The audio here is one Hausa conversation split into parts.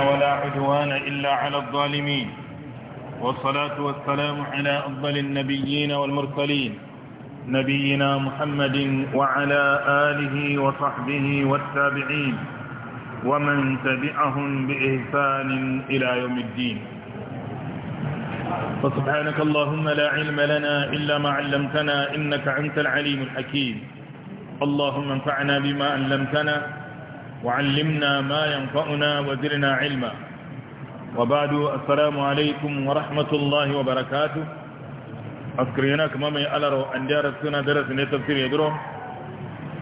ولا عدوان إلا على الظالمين والصلاة والسلام على أفضل النبيين والمرسلين نبينا محمد وعلى آله وصحبه والتابعين ومن تبعهم بإحسان إلى يوم الدين فسبحانك اللهم لا علم لنا إلا ما علمتنا إنك أنت العليم الحكيم اللهم انفعنا بما علمتنا وعلمنا ما ينفعنا وزرنا علما وبعد السلام عليكم ورحمة الله وبركاته أذكرنا كما من ألروا أن جارت سنة درس تفسير يدرو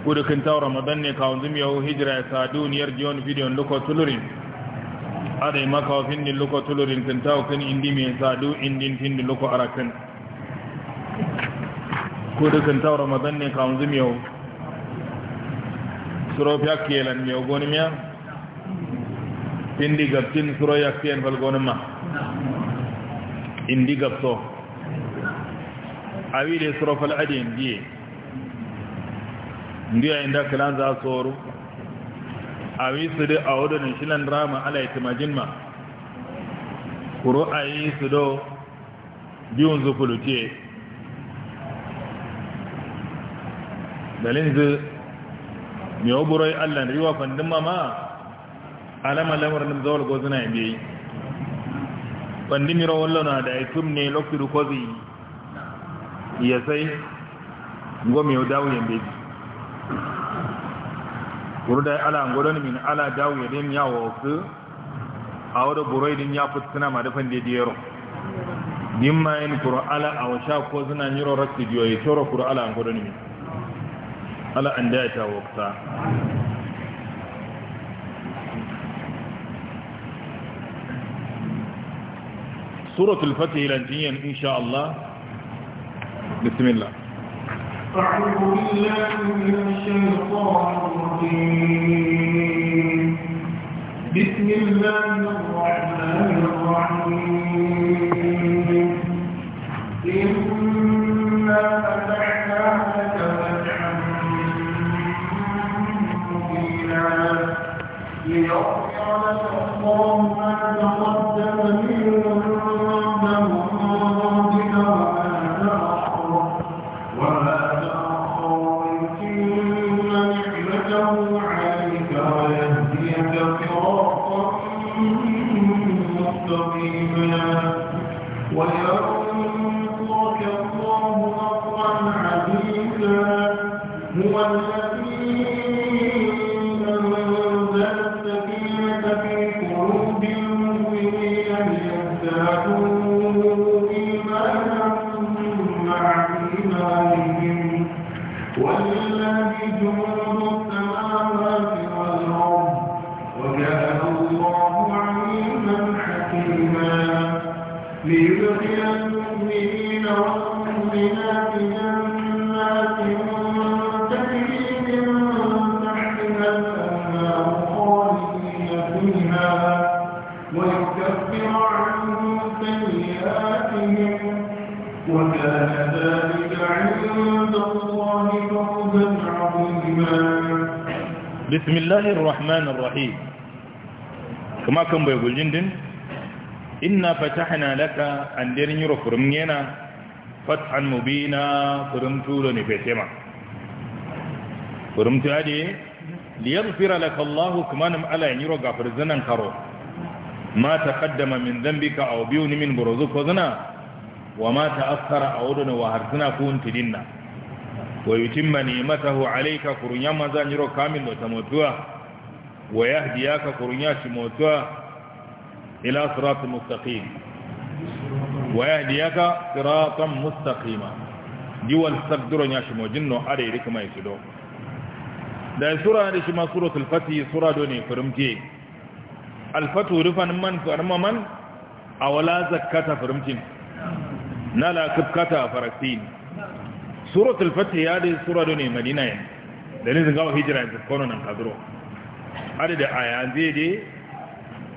kudukin ta ramadan ne kawunzum yau hijira ya sa duniyar jiyon bidiyon lokacin tulurin ada maka fin findin luko tulurin kinta wa kan indi me sadu indin findin luko arakan ko da kinta ramadan ne kawun zumiyau suro fi kelan mai gonin ya indi gabtin suro ya kiyan falgonin ma indi gabto awi de suro adin di ndiya inda kilan za su awi su da a wadannan shilan rama ala itimajin ma kuro a yi su da biyun zufuluke dalin zu mai oburoi allan riwa kwandin mama alama lamar nim zawar gozina biyayi kwandin miro wallona da aikin ne lokiru kwazi ya sai gome dawo yambe burda ala ngoron min ala dawo ya den ya wofu a wadda din ya fuskuna ma dafan da diyaro din ma yin kuro ala a sha ko suna yiro rakti biyo ya e toro kuro ala ngoron min ala an da ya ta wofuta suratul fatih lantiyan insha Allah bismillah أعوذ بالله من الشيطان الرجيم بسم الله الرحمن الرحيم إنا فتحنا لك فتحا مبينا ليغفر لك الله ما تقدم منه عند الله فوزا عظيما بسم الله الرحمن الرحيم كما كان بيقول جندن إنا فتحنا لك أن ديرن يرو فرمينا فتحا مبينا فرمتو لنفتما فرمتو أدي ليغفر لك الله كما نم على أن يرو غفر زنان كارو ما تقدم من ذنبك أو بيون من برزوك وزنا wa ma ta'akkara awduna wa harzina kun tidinna wa yutimma ni'matahu alayka kurunya mazan yiro kamil ta motuwa? wa yahdiyaka kurunya motuwa? ila sirat mustaqim wa yahdiyaka siratan mustaqima diwal sabduro nya shimo jinno are rikma ikido da sura da shi ma suratul fatih sura do ne firmti al fatu rufan man karma man awala zakata firmtin nala kafkata a farasin suratul fatih ya dai sura ne madina yin da nizin gawa hijira yanzu kwano nan kaduro adada a yanzu dai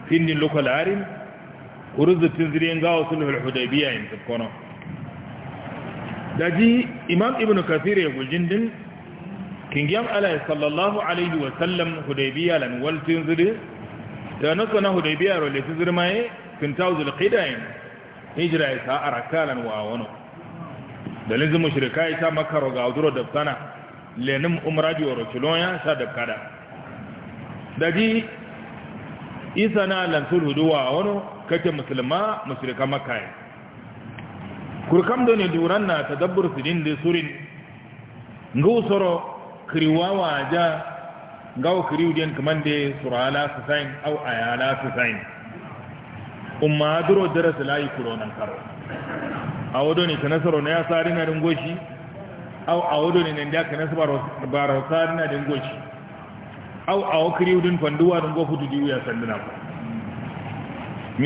findin lokalarin kuruzutin zirin gawa sulhul hudaybiya yanzu kwano da ji imam ibn kasir ya gujin din kingiyar alayi sallallahu alaihi wasallam hudaybiya lanwaltin zirin da nasu na hudaybiya roletin zirmaye 2000 qidayen hijira ya sa arakalan wa wano da lizu mushrika ya sa makaro ga uduro da sana lenin umraji wa rochiloya sa da kada da ji isa na lansul hudu wa wano kake musulma mushrika makaye kurkam da ne duran na su din da surin ga usoro kiriwa waja ga kiriwa den kamar da surala su sain au ayala su sain umma duro daras layi nan karo a wado ne ka nasaro na ya sari na ringoshi au a wado ne da ka nasu baro sari na ringoshi au a wakiri udin fanduwa ringo hudu diwu ya sanduna ku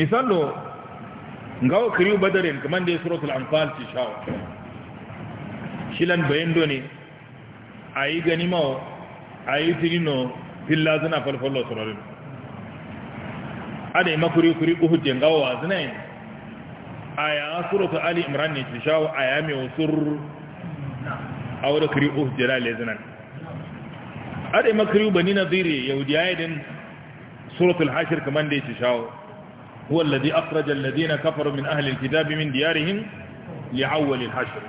misalo ga wakiri badarin kamar da ya suratul tulan falci shawo shilan bayan doni a yi ganima a yi tirino filla suna falfallo sararin ada ima kuri kuri uhujje ngawa wazinayin aya suratu ali imran ne tishawo aya mai wasur a wadda kuri uhujje da lezinan ada ima kuri bani naziri yahudiya din suratul hashir kamar da ya tishawo هو الذي أخرج الذين كفروا من أهل الكتاب من ديارهم لعول الحشر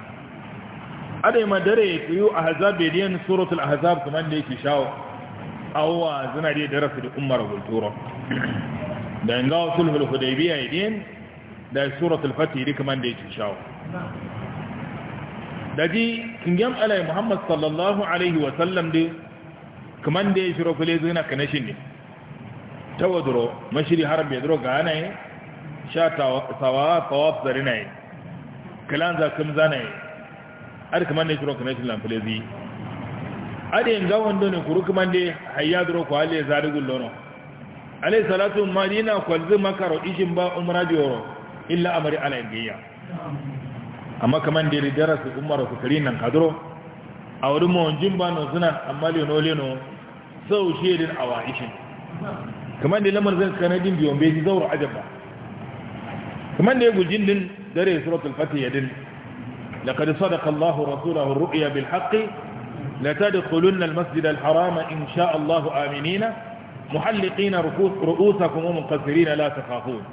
أدي ما دري يو أحزاب ديان سورة الأحزاب كمان دي كشاو أو زنا دي درس umar والتورة da ngawa sulhul hudaybiya idin da suratul fatih duk man da yake shawo daji kingam alai muhammad sallallahu alaihi wa sallam da kaman da ya shiro kule zina kanashin ne tawadro mashiri haram ya dro ga ne sha tawa tawaf zari ne kalan za kum zane ar kaman da shiro kanashin lan kule zi ade ngawon do ne kuru kaman da hayya dro ko ale zarigul lono alai salatu marina kwalzi maka ishin ba umra joro illa amari ala indiya amma kaman da ri darasi umara ku kari nan kadro a wurin mawajin ba na suna amma leno leno sau shirin awa ishin Kamar da lamar zai zan kanadin biyon bai ji zaura ajaba Kamar da ya guji din dare suratul fatiha din لقد صدق الله رسوله الرؤيا بالحق لا تدخلن المسجد الحرام إن شاء الله آمنين محلقين رؤوسكم ومنقصرين لا تخافون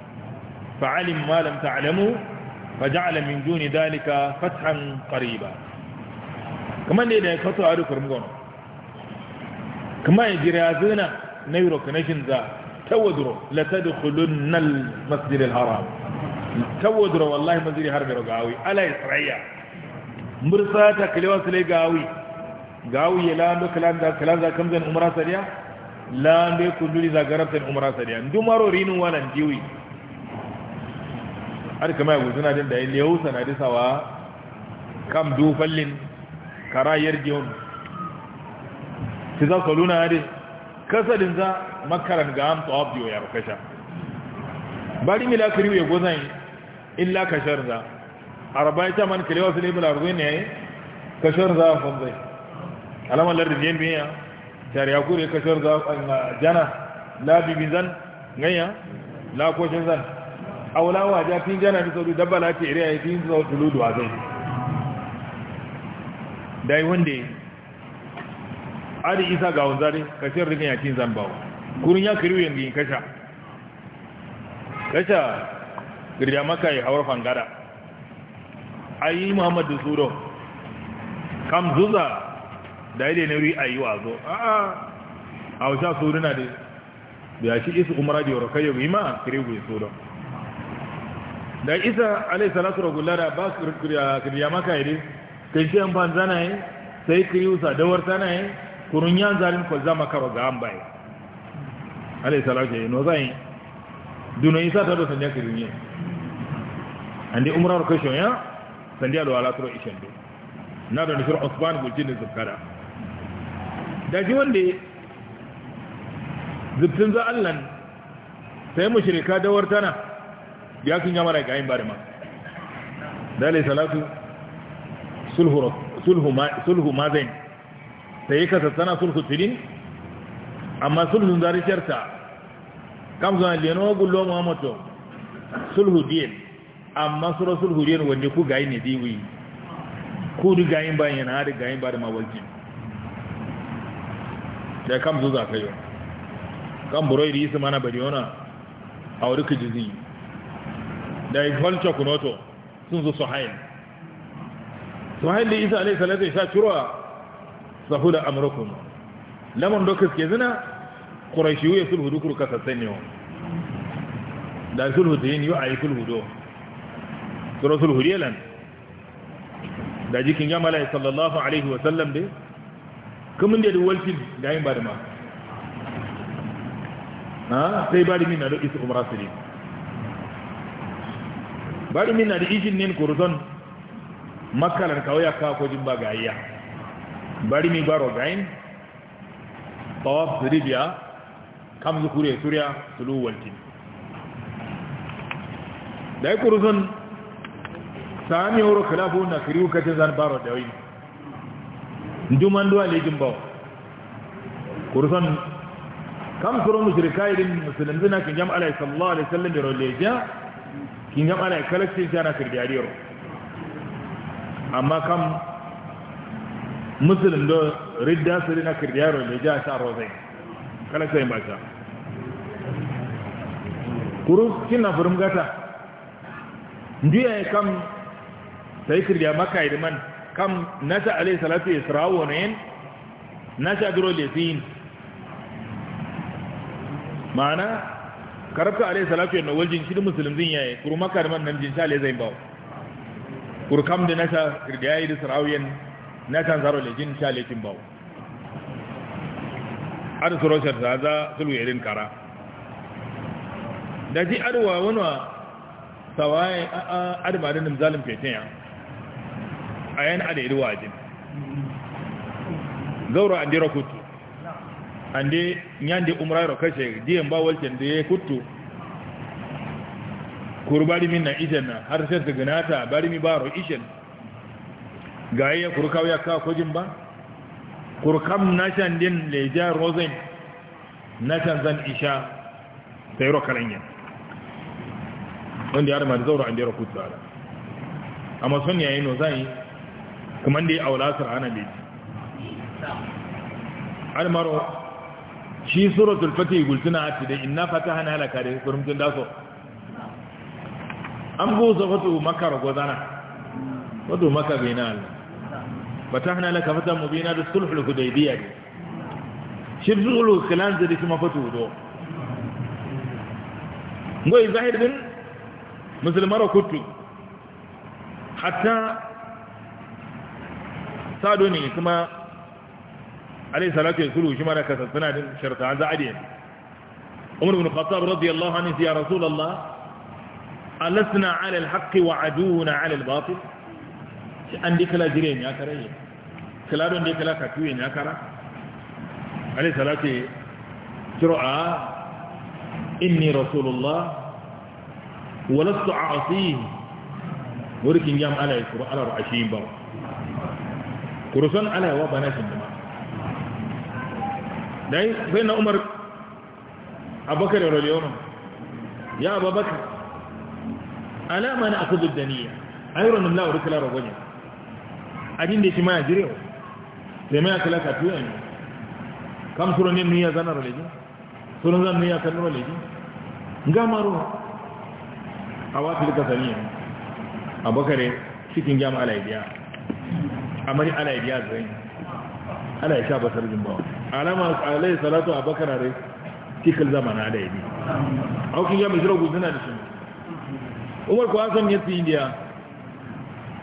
فعلم ما لم تعلموا فجعل من دون ذلك فتحا قريبا كما ne da ya kato a rukar mugon kuma ya jira zina na euro connection za tawadro la tadkhulun al masjid al haram tawadro wallahi masjid har da gawi ala isra'iya mursa ta kilewa ya lambe kunduli za garabta umra sadiya ndumaro rinu wala ndiwi har kama ya zuna din da yau sana na sawa kam du fallin karayar giyon ti za saluna hadi kasadin za makaran ga am tawab yo ya rukasha bari mila kiriwe gozan illa kashar za arba ta man kiri wasu ne bula ruwe ne kashar za fanzai alamar lardin biya shari'a kure ka shar a jana la bibi zan ganya la ko shin zan awla wa ja fi jana bi sauri dabba la ce riya fi zo tuludu a zai dai wande ari isa ga wanzare ka shar rikin yakin zan bawo kurun ya kiriwe yin kasha kasha girya maka ya hawar fangada ayi muhammadu suro kam zuza da ile ne ri ayi wazo a'a a wata suruna da da shi isu umra di kayo bima kiregu suru da isa alai salatu ragulara ba su kiriya maka yi kai shi an banza na yi sai kiriusa dawar ta na yi kurun yan zarin ko zama karo ga an bai alai salatu ya yi no zai duno isa ta dosa ne kirin ne an di umrar kashin ya sandi alwala turo ishen na da nufin osman gujin da zukara da shi wanda ya zubtun za Allah sai mu shirika da wartana ya kun yamara ga yin barima dalai salatu sulhu mazain sai ka sassana sulhu tilin amma sulhun zarishiyarta kam zuwa leno gullo muhammato sulhu diyen amma sura sulhu diyen wanda ku gayi ne diwi ku duk gayin bayan yana da gayin ba da da kam zuza za ka yi kan buroi da isi mana bari yana a wuri kijizi da yi kwalce kunoto sun zo suhail suhail da isa alai salatu sha cirowa sahu da amurkun lamar dokas ke zina ƙurashiyu wuye sulhu dukuru kasassan ne. da sulhu da yin yi a yi sulhu do sura sulhu riyalan da jikin yamala sallallahu alaihi wasallam dai kamun da walfin da yin bada ma ha sai bada min na da isa umara sirri bada min na da ishin nin kurzon makalar kawai ya kawo kojin ba gayya bari mi baro gayin tawaf siribiya kam zukure suriya tulu walfin da yi kurzon sami wuro kalafu na kiriu kacin zan baro da wani ndumandu alijimbo kurson kam muslim dina musulmina jam alai sallallahu alaihi wasallam ro leja kinjam alai kalaksi jana kirdiari ro amma kam muslim do ridda sirina kirdiari ro leja sha rozai kalaksi ba sha na kina gata ndiye kam sai kirdiya makai man kam nasha alayhi salatu isra'u wa nayin nasha biro lisin ma'ana karabta alayhi salatu yana waljin shi musulmin zin yayi kuru makar man nan jin sha alayhi zain bawo kuru kam da nasha da yayi da sara sarawiyan nasha zaro lijin sha alayhi tin bawo ar suro shar da za sulu yarin kara da ji arwa wani tawaye a adamarin zalim fetin ya ayan ada idu wajin zauro an dira kutu andi nyandi umra ro kashe diye ba da ya kutu Kuru min na ishen na har sai ta ganata bari mi baro ishen ga ya kuru ya ka kujin ba kam na shan din leja rosen na shan zan isha ta yi rokalanya wanda ya rama da zaura an da kutu ala amma sun yayi no zai kamar da ya aula sar'ana da ji almaro shi suratul fatih gultuna a cikin inna fatahana halaka da kurumtun daso an buza wato maka ragozana wato maka bai na allah fatahana halaka fata mubina da sulhul hudaybiya ne shi sulhul khilan zai kuma fatu wudo ngoyi zahir din musulmar kutu hatta sado ne kuma alayhi salatu ya sulu shi ma kasa suna din sharta an za a da yanzu umar ibn khattab radiyallahu anhu ya rasulullah alasna ala alhaqi wa aduuna ala albatil shi an dikala jire ne aka rage kala don dikala ka tuye ne aka ra alayhi salatu jira inni rasulullah walastu a'tihi wurkin jam ala yusra ala ru'ashin ba kurusun na wa banatin da dai sai na umar abubakar radiyallahu ya abubakar alama na akudu daniya ayron Allah rukula ragonya adin da shi ma jirewa sai mai akala ka tuya ne kam suro ne miya zana roleji suro zan miya kan roleji ngamaro awafil kasaniya abubakar cikin jama'a laibiya amari ana yi biya zai ana yi sha basar jimbawa alama alayi salatu a bakara rai cikin zamana da yi aukin ya mishira guzina da shi umar kuwa san yadda indiya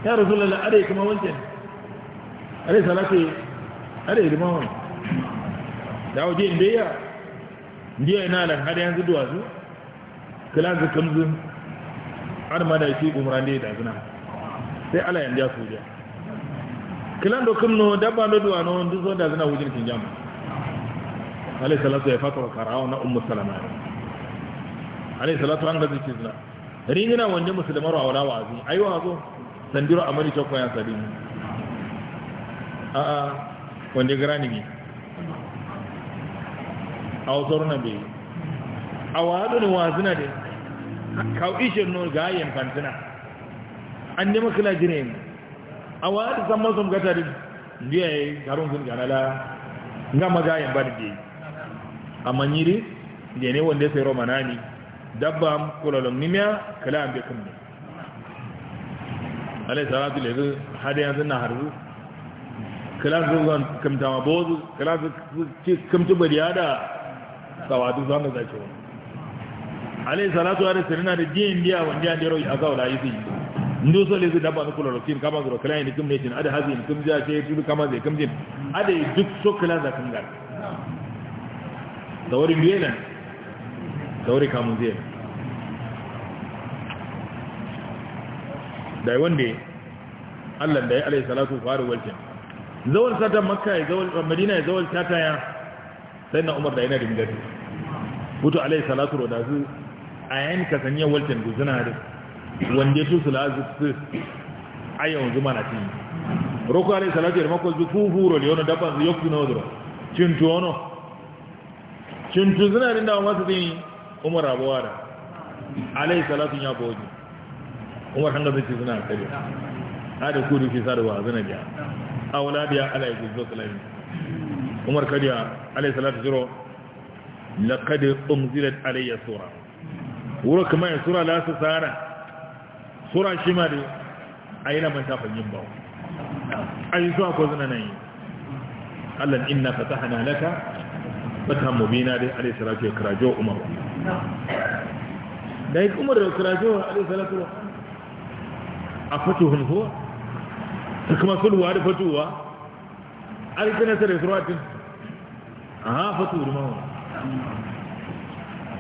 ya rasu lalla ala yi kuma wancan Alayi ya salatu yi rima wani da waje indiya biya yana da hada yanzu duwatsu kila zikamzin armada ya ce umaran da zina dazuna sai ala yanzu ya soja Kilan kilando kimno dabba ndo duwa non duzo da zina wujin kin jamu alayhi salatu ya fata wa karawa na ummu salama alayhi salatu an gazi kizna ringina wande musulmar wa wala wazi ayo hazo sandiro amari chokwa ya sabini a a wande garani ne a wasu na bai a wadu ne wazina da kawo ishe no gayen fantina an nema kila jire ne awa ati san mazum gata di ndi yi garon sun gana la nga magayin ba da yi amma nyiri da ne wanda sai romana ne dabba kulalon nimiya kala ambe bekin ne alai salatu da yanzu an yanzu na harzu kala su zan kamta ma bozu kala su kamci bariya da tsawatu zan da zai wani alai salatu da sirina da jiyan biya wanda ya dero a zaula yi su yi ndo so le da ba nukulo rokin kama zuro kala ni kumne tin ada hazi ni kumja ke tudu kama kum kumjin ada duk so kala za kungar tawari biyela tawari kamun zai dai wande Allah da ya alai salatu faru walcin zawal sata makka ya zawal madina ya zawal sata ya sai na umar da yana dingati mutu alayhi salatu rodazu a yayin kasaniyar walcin guzuna da wanda tusu sulazu a zuma mana tin roko alai salatu makon mako zu da le dafa zuwa yokku na dro cintu wano cintu zina rinda wasu zini umar da. alai salatu ya boji umar hanga zuci zina kare da kudu fi sarwa zina ja biya ala zuwa salami umar kadiya alai salatu jiro laqad umzilat alayya sura wuro kuma ya sura lasu su sura shi ma dai a yi laman tafin yin bawa a yi zuwa ko zina nan yi allan inna fata hana laka fata mubina dai alai sarafiya ya kirajo umar da yi umar da kirajo alai salatu a fatuhun huwa ta kuma sulwa da A alkina ta da suratun a ha da mawa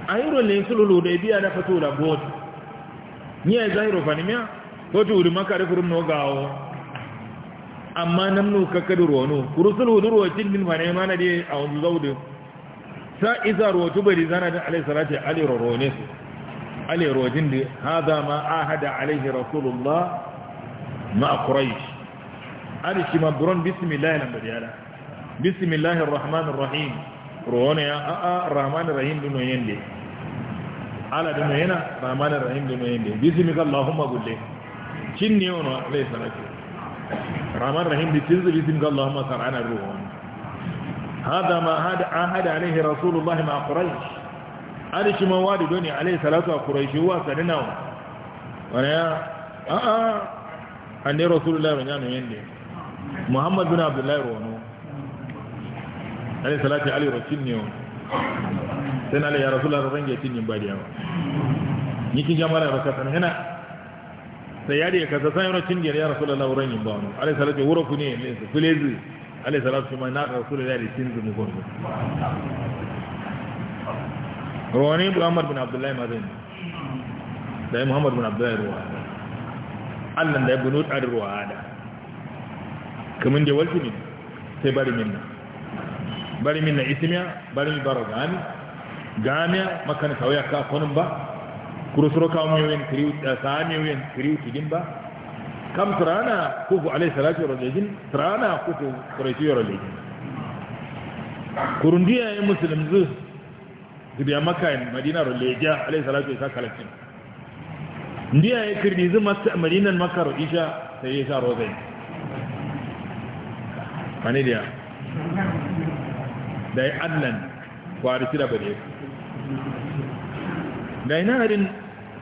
a yi rulle sulhu da biya na fatu da gota ni ya zahiro fanimiya wato wuri makare furin no gawo amma nan nu kakkadu rono kurusul hudur wa cindin fane mana dai a wanzu zaudu sa isa rotu bari zana da alai salati alai rorone su alai rojin da hada ma ahada alaihi rasulullah ma a quraish ali shi ma buron bismillah lan bariyala bismillahir rahmanir rahim rorone a a rahmanir rahim dunoyen dai ala mai yana rahman rahim da dum yana kan allahumma gulle cin ne ono zai sanake rahman rahim kan tinzu bismika allahumma sarana wani. hada ma hada ahada alayhi rasulullah ma kurai ali shi ma wadi doni alayhi salatu kurai shi wa sanina wani ya a a anne rasulullah ban yana yende muhammad bin ruwa wani alayhi salatu alayhi rasul ne sena le ya rasulullah range tin yin badiya wa yiki jamara ba katan hina sai yari ka sa sai rocin gere ya rasulullah range ba mu alai salatu wuro ku ne ne kulezi alai salatu kuma na rasulullah da tin zumu ko رواني ابو عمر بن عبد الله مدني ده محمد بن عبد الله رواه الله ده ابو نور الرواه ده كمان جوالتي من سيباري منا bari min na ismiya bari min baragani Gamiya makana kawai ka konum ba kurusro ka mu yen kriu saami yen kiri tigin ba kam trana kufu alai salatu wa rajin trana kufu qurayshi wa rajin kurundiya yin musulun zu maka yin madina roleja alai salatu wa sakalatin ndiya yin kirdi zu madinan maka isha sai ya sa rozai mani da dai annan kwari sida bare da ina harin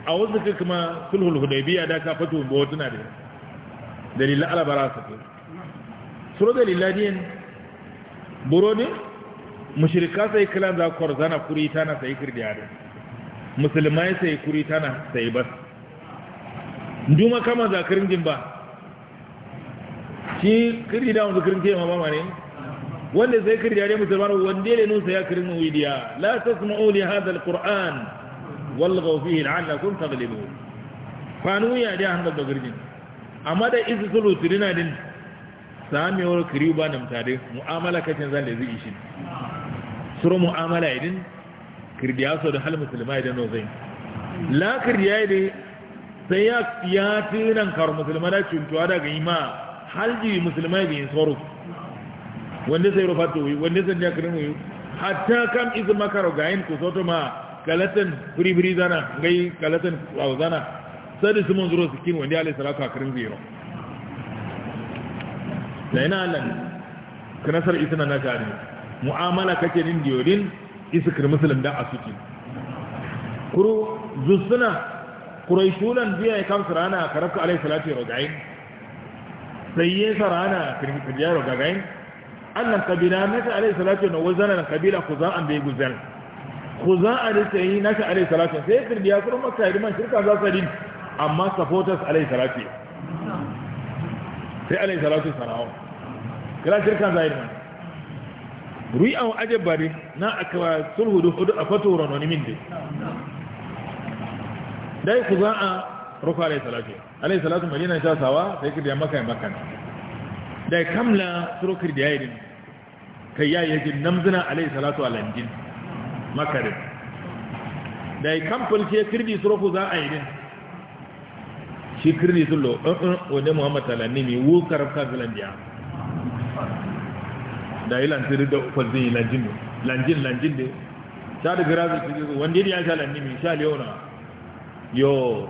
a wasu ka kuma sulhul hudaybiya da ka fato ba wata na da dalilin alabara su suro dalila yin buro ne mashirka sai kilan za ku zana kuri na sai kirdi da musulmai sai kuri na sai bas duma kama za jin ba shi kirdi da wanzu kirin ke ma ba ne wanda sai kirdi hada musulmai wanda ne nusa ya kirin widiya la tasma'u li hadha alquran walgaw fihi la'allakum taghlibun fanu ya da han da girgin amma da izu sulu tirina din wa kiriba nam tare mu'amala kacin zan da zai shi suru mu'amala idin kirdiya so da hal musulma idan no zai la kirdiya ne sai ya ya tinan kar musulma da cintuwa daga ima halji musulma bi yin tsoro wanda sai rufatu wanda sai ya kirmu hatta kam izu makaro ga yin ku soto ma kalatan firibiri zana gai kalatan kwawo zana sadi simon zuro sikin wanda ya laisa raka karin zero da yana allan kanasar isina na shari mu'amala kake nin diyorin isikir musulun da a suke kuro zusuna kuraishunan biya ya kamsu rana karafka alai salatu ya rogayin sai ya sa rana a kirkirya rogagayin annan kabila nasa alai salatu ya na wazana na kabila ku za'an da ya guzar a da sayi naka alai salatu, sai ya ya kuma maka man shirka za su din amma supporters alai salatu. sai alai salatu sanawo kira shirka za Rui rui'a wa ajabari na aka sulhu da hudu a fato ranoni min dai dai a rufa alai salatu, alai salatu madina sha sawa sai ya ya maka maka dai kamla turukir da yayin kai yayin namzina alai salatu alanjin makarin da ya kamfal ce kirdi surofu za a yi ne shi kirdi sun lo ɗan'un uh, uh, wadda muhammad talanni mai wukar kazilan diya da yi lantiri da ukwal zai yi lanjin lanjin lanjin da sha da gira zai cikin wanda ya sha lanni mai sha leona yo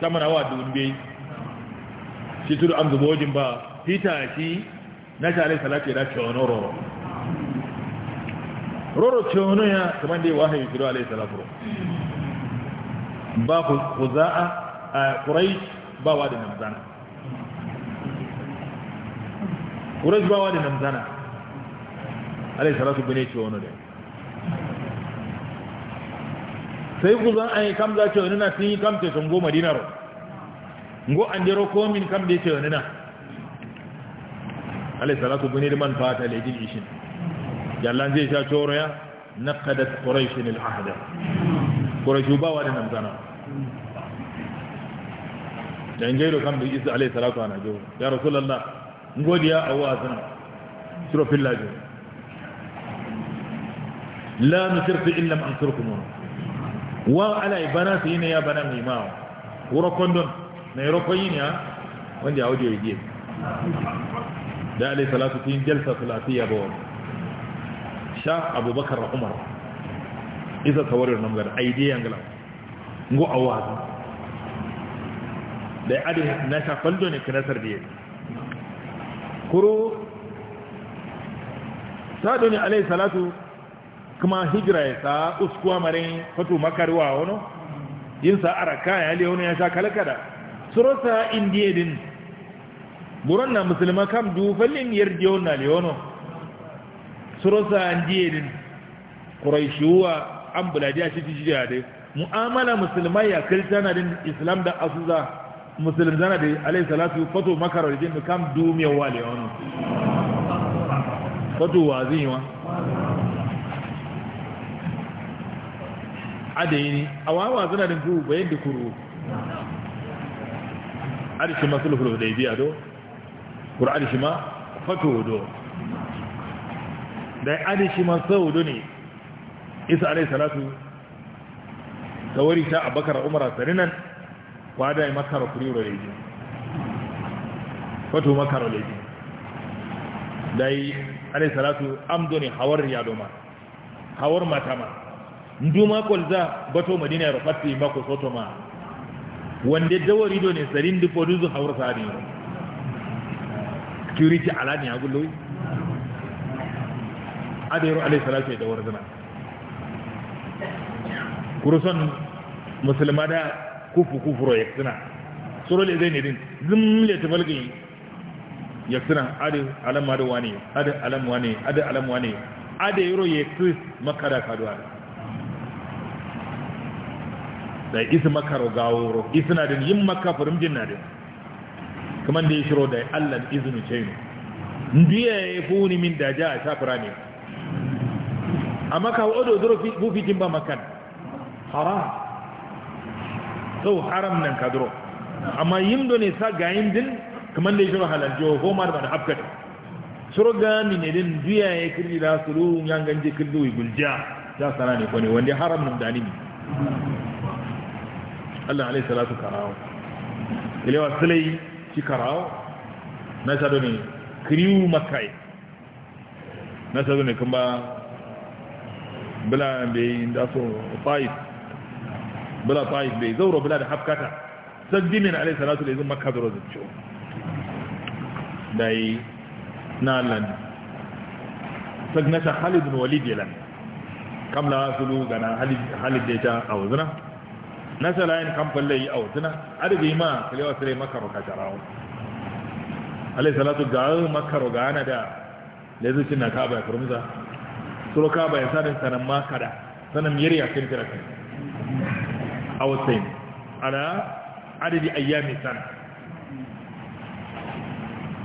samarawa dumbe shi turu an zubo ba fita shi na share salati da cewa roro. roro cewono ya kamar da ya wahayi firo alaihi salatu ba ku za a kurai ba wa da namzana kurai ba wa da namzana alaihi salatu bane cewono da sai kuza'a kam kamza cewono na sun yi kamce sun goma dinaro go an jero komin kam da cewono na alaihi salatu bane da man fata laidin ishin jallan zai sha coro ya naqadat quraish lil ahda quraish ba wa da nan zana dan gairo kan bi isa alayhi salatu wa najo ya rasulullah ngodiya awu azan suro fillaji la nusirtu illa an ansurkum wa su yi na ya bana mi ma wuro kondon na roko yin ya wanda ya wuce yi da alayhi salatu jelsa jalsa salatiya ba sha abubakar umar isa tawarar nan gara aidiyan gala ngo awazu da adi na sha faldo ne kinasar da kuro sado ne alayhi salatu kuma hijira ya sa uskuwa mare fatu makarwa wano yin sa araka ya le wani ya sha kalkada surota indiyedin din buron na musulman kam dufallin yardiyon na liyono surosa an jiye din ƙuraishuwa an buladi a shi jiya dai mu'amala musulmai ya kiristana din islam da asuza musulun zana da alai salatu fato makarar jin da kam dumiyar wale wani fato wa zai wa adayi ne a wawa zana din kuru bayan da kuru arshi masu lufuru da ibiya do kuru arshi ma fato do da shi man saudu ne isa alai salatu ta wari ta abakar umara sarinan kwada ya makara kuri da yake fato makara da yake da yi alai salatu amdo ne hawar yadoma hawar matama nduma za bato madina ya rufatsi mako soto ma wanda dawari do ne sarin dufo duzu hawar kiri curiti ala ne ya gullo adairu alaihi salatu da warzana kurusan musulma da kufu ro ya suna surole zai ne din zimle ta balgi ya suna adi alamma ne, wani adi alamma ne adi alamma ne adi yaro ya kris makara kaduwa da isi ro gaworo na din yin maka furimjin na din kamar da ya shiro da allan izinu ce ne biya ya funi min da a shafira ne amaka odo doro fi bu fi makan haram so haram nan ka doro amma yim do ne sa gayin din kaman da shi halal jo ko mar ban habkat suro ga ne din duya ya kirri da suru yan ganje kirdo wi gulja ya sana ne ko ne wanda haram nan dani Allah salatu ile wa sulai shi na sa do ne kriu makai na sa do ne kuma bila bai da so taif bila taif bai zauro bila da hafkata sajjimin alai salatu da izin makka zuro zuciyo da yi na allan sagnata khalid bin walid yalan kamla sulu gana halid da ta a wuzina nasala yin kamfan layi a wuzina arziki ma kalewa sire makka bakata rawo alai salatu ga makka rogana da lezucin na kaba ya kurmuza suruka bayan sadin sanan ma kada sanan yari a cikin tirakin a wasain Ana adadi ayyami sana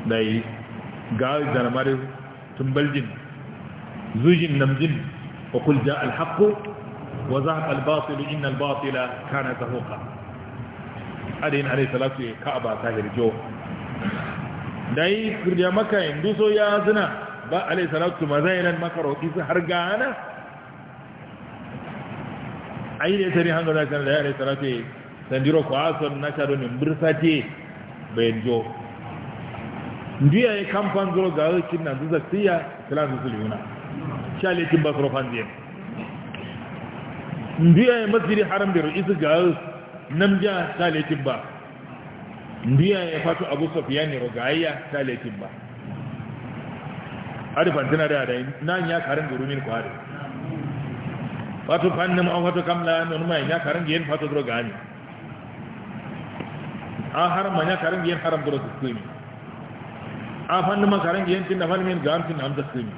da yi ga zarmarin tumbaljin zujin namjin wa kul ja alhaqqu wa zahaqa albatil inna albatila kana zahuqa adin alayhi salatu ka ta tahir jo yi kirja maka induso ya zina ba alai salatu mazainan makarauki su har gana ai ne sani hanga zaka da alai salatu sandiro ko ason na chado ni mbirsati jo ndiya e kampan zoro ga kin na zuza siya kala su suluna shale tin basro fanziye ndiya e masjidi haram da isu ga namja sha tin ba ndiya e fatu abu sufyan ni rogayya sha tin ba hari fantina da da nan ya karin gurumin kwari wato fannin an wato kamla non mai ya karin yin fato dro gani a haram ya karin yin haram dro tsimi a fannin ma karin yin tin da fannin gam tin am tsimi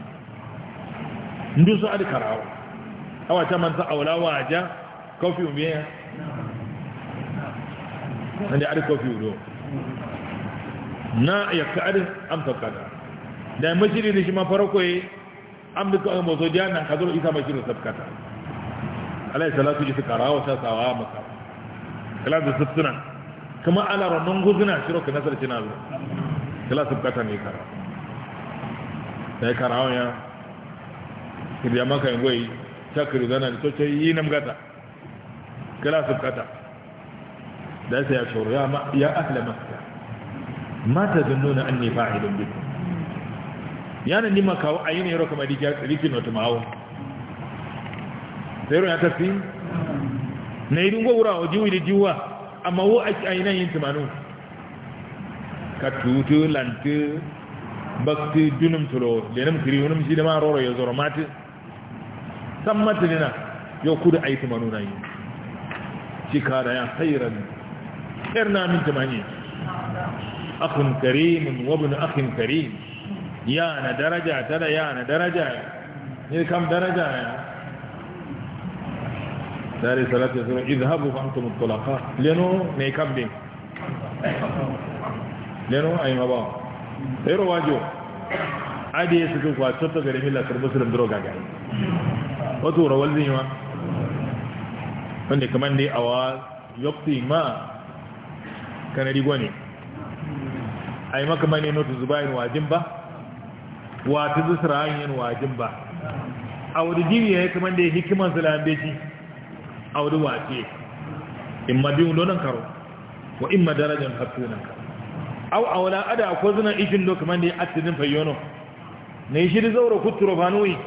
ndu so adi karawo awa ta man sa aula waja kofi umiya ande adi kofi udo na yakka adi am to kada da mashiri da shi ma farko yi an duka an bozo jiya nan ka zo isa mashirin sabkata alai salatu isa karawa sa sawa maka kala da sabtuna kuma ala rannan guzuna shiro ka nasar cina zo kala sabkata ne kara sai karawa ya kirya maka yin goyi shakiri zana da tocce yi namgata kala sabkata da sai ya shoro ya ahla makka ma ta zununa anni fa'ilun bikum yana nima kawo a yi ne yaro kama rikin wata ma'awon zai ya tafi na yi dungo wura wa jiwu da jiwa amma wo a yi nan yin tumanu ka tutu lantu bakti dunum tulo lenim kiri wani shi da ma roro ya zoro mati san nina ya kudu a yi tumanu na yi shi kada ya khairan irna min tumanin akun karimin wabin akun karimin يانا درجة تلا يانا درجة إيه، كم درجة داري ثلاثة سنة اذهبوا فأنتم الطلقاء لنو نيكم بي لنو أي مبا غير واجو عادي يسكوك واتشطة غريم الله سربو سلم دروغا غير وطورة والذي ما عندي كمان دي أواز يقتي ما كان دي قواني أي ما كمان ينوت الزبائن واجنبه wata zusra an yin wajin ba a wadda jini ya yi kamar da ya hikiman zulambeji a wadda wace in ma biyun lonan karo wa in ma darajan nan karo au a wala ada akwai zina ishin da kamar da ya atidin fayyono na yi shiri zaura kuturo fanuwi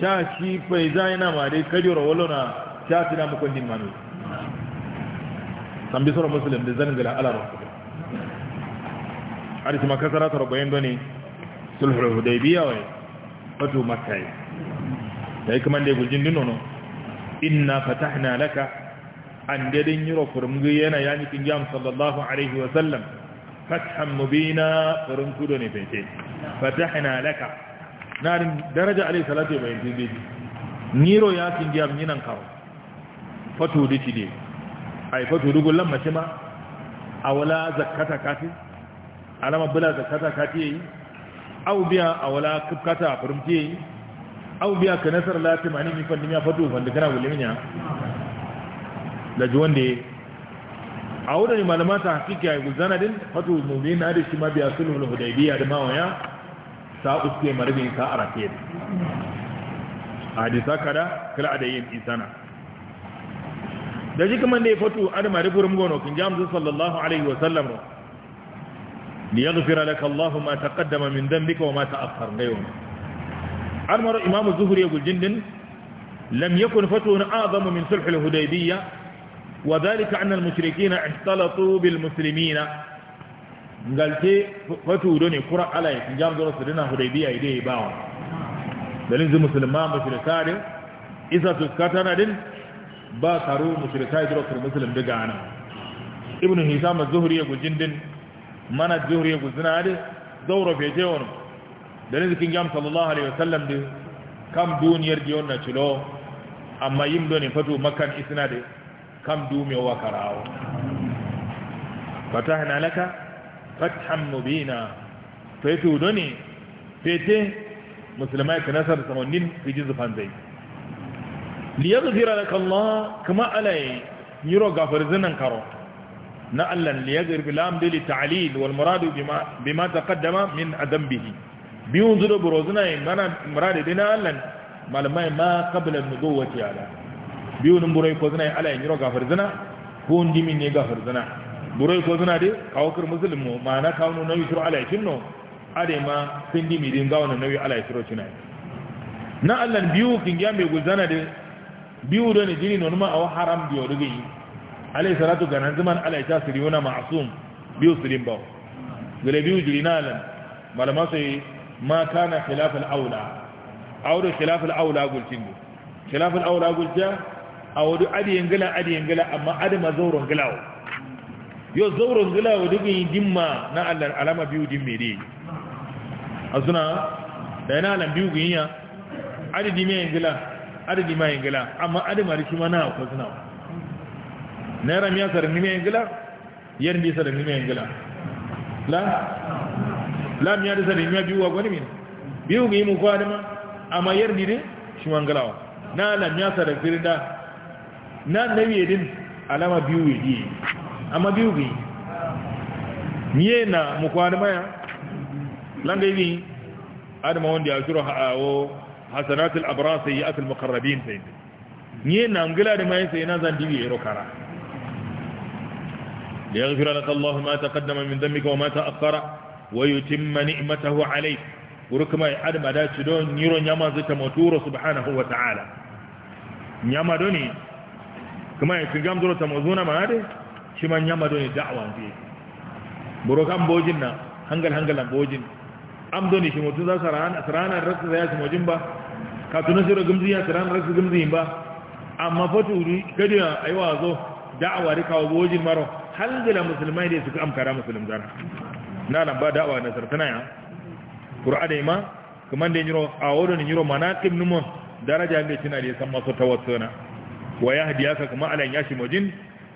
ta shi fai za na ma dai kajiyar walo na ta tuna mukon din manu san bi sauran musulun da zan ala rasu arziki da su makasara ta rabayin gani sulhul hudaybiya wai fatu makka dai kuma dai gujin dino no inna fatahna laka an gadin yiro furmugi yana yani kin jam sallallahu alaihi wa sallam fathan mubina furun kudo ne fete fatahna laka narin daraja alaihi salatu wa sallam niro ya kin jam ninan kawo fatu dici dai ai fatu dugullan mace ma awala zakata kati alama bila zakata kati yayi aw biya awala kata furumti aw biya ka nasar lati mani mi fandi mi fatu fandi kana gulinya da ji wanda a wurin malama ta hakiki ya guzana din fatu na da shi ma biya sulhul hudaybiya da mawaya sa uske marbin ka arafe hadisa kada kala da yin isana da shi kuma ne fatu adama rifurum gono kin jamsu sallallahu alaihi wa sallam ليغفر لك الله ما تقدم من ذنبك وما تأخر ليوم المرء إمام الزهري يقول جند لم يكن فتوى أعظم من سلح الهديبية وذلك أن المشركين اختلطوا بالمسلمين قال تي فتوى دوني قرأ على جام جرس لنا هديبية إليه باو دلين زي مسلمان مشركات إذا تسكتنا دين باكروا مشركات جرس المسلم دقانا ابن هشام الزهري يقول جند mana zuhri ya guzina ade zawro fete wani da dare zikin jam sallallahu alaihi wasallam de kam duniyar yawon na cilo amma yin doni ne fatu makkan isna kam du me wa karawo fatahna laka fathan mubina fete do ne fete musulmai ka nasar samannin su ji zufan zai liya zufira da kallon kuma alaye yiro gafar zinan karo na allan li yadrib lam dili ta'alil wal muradu bima bima taqaddama min adambihi biyun zudo burozuna in mana murad dina allan malamai ma qabla nubuwati ala biyun burai ko zina ala in yiro gafar zuna ko ndimi ne gafar zuna burai ko zuna de kawo kir ma mana kawo no yiro ala kinno ade ma sindimi din gawo na yiro ala yiro cinai na allan biyu kin gambe guzana de biyu da ne jini nonuma ma aw haram biyo rugi عليه صلاة كان زمان على إيتا سريونا معصوم بيو سريم باو قال بيو جلينالا بل ما سي ما كان خلاف الأولى أو خلاف الأولى أقول تنجو خلاف الأولى أقول جا أو دو أدي ينقلا أدي ينقلا أما أدي ما زور انقلاو يو زور انقلاو دقي دم ما نعلا علامة بيو دمي دي أصنا دينالا بيو قيا أدي دمي ينقلا أدي دمي ينقلا أما أدي ما رشما ناو فزناو നേരമിയാ സരണിമയെങ്കില എൻബി gila ലാ lam ya da sarin miya biyu wa gwani min biyu ga yi mu kwari ma a mayar dide shi wangalawa na lam miya sarin firin da na nabi din alama biyu ya yi amma biyu ga yi na mu kwari maya lan da yi adama wanda ya shiro ha'awo hasanatul abrasa yi akal makarrabin sai niye na mgila da mayan sai na zan dibi ya ليغفر لك الله ما تقدم من ذنبك وما تأخر ويتم نعمته عليك وركما عدم أداة دون يرو نعمة تموتور سبحانه وتعالى نعمة دوني كما يتنقام دولة تموزونا ما هذا شما نعمة دوني دعوة فيه بروكام بوجنا هنجل هنجل بوجن am doni shi mutum za su ranar rasu ya su mojin ba ka tunan shirar gumzi ya su ranar rasu gumzi ba amma fatu gadi a yi wa zo da'awa da kawo bojin maro halgila musulmai da suka amkara musulun zara na nan ba da'awa na sartana ya ƙura ma kuma da yiro a wurin yiro mana kim numan daraja ne shi na da ya san masu tawassuna wa ya hadiya ka kuma alan yashi mujin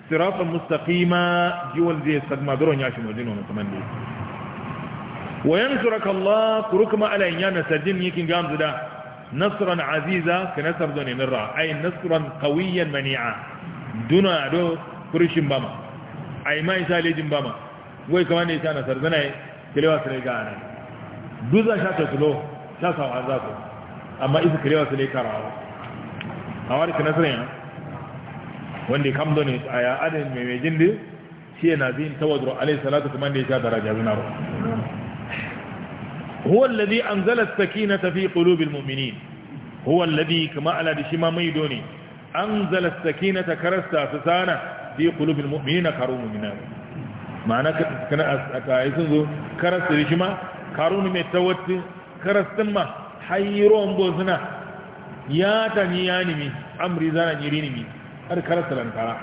siratan mustaqima jiwal zai sagma duron yashi mujin wannan kuma ne wa yansuraka Allah kurukuma alan yana sajin yakin gamzu da nasran aziza ka nasar da ne nirra ay nasran qawiyan mani'a duna do kurishin bama aima isa lejin ma wai kama ne ya na sarzana ya kilewa su ne a nan duzan sha ta sulo sha sawa an zafi amma isa kilewa su rega rawa a wani ka nasirin ya wanda kam kamdo ne a ya adin mai mai jindi shi yana ta wadro alai salatu kuma da ya sha daraja fi ro هو الذي أنزل السكينة في قلوب المؤمنين هو الذي كما على دشما ميدوني ta karasta su سسانة fi qulubil mu'minina karu nar ma'ana kana akai sun zo karas shi ma karu mai tawatti karas ma hayro ambo suna ya tani ya nimi amri zana yiri mi har karas lantara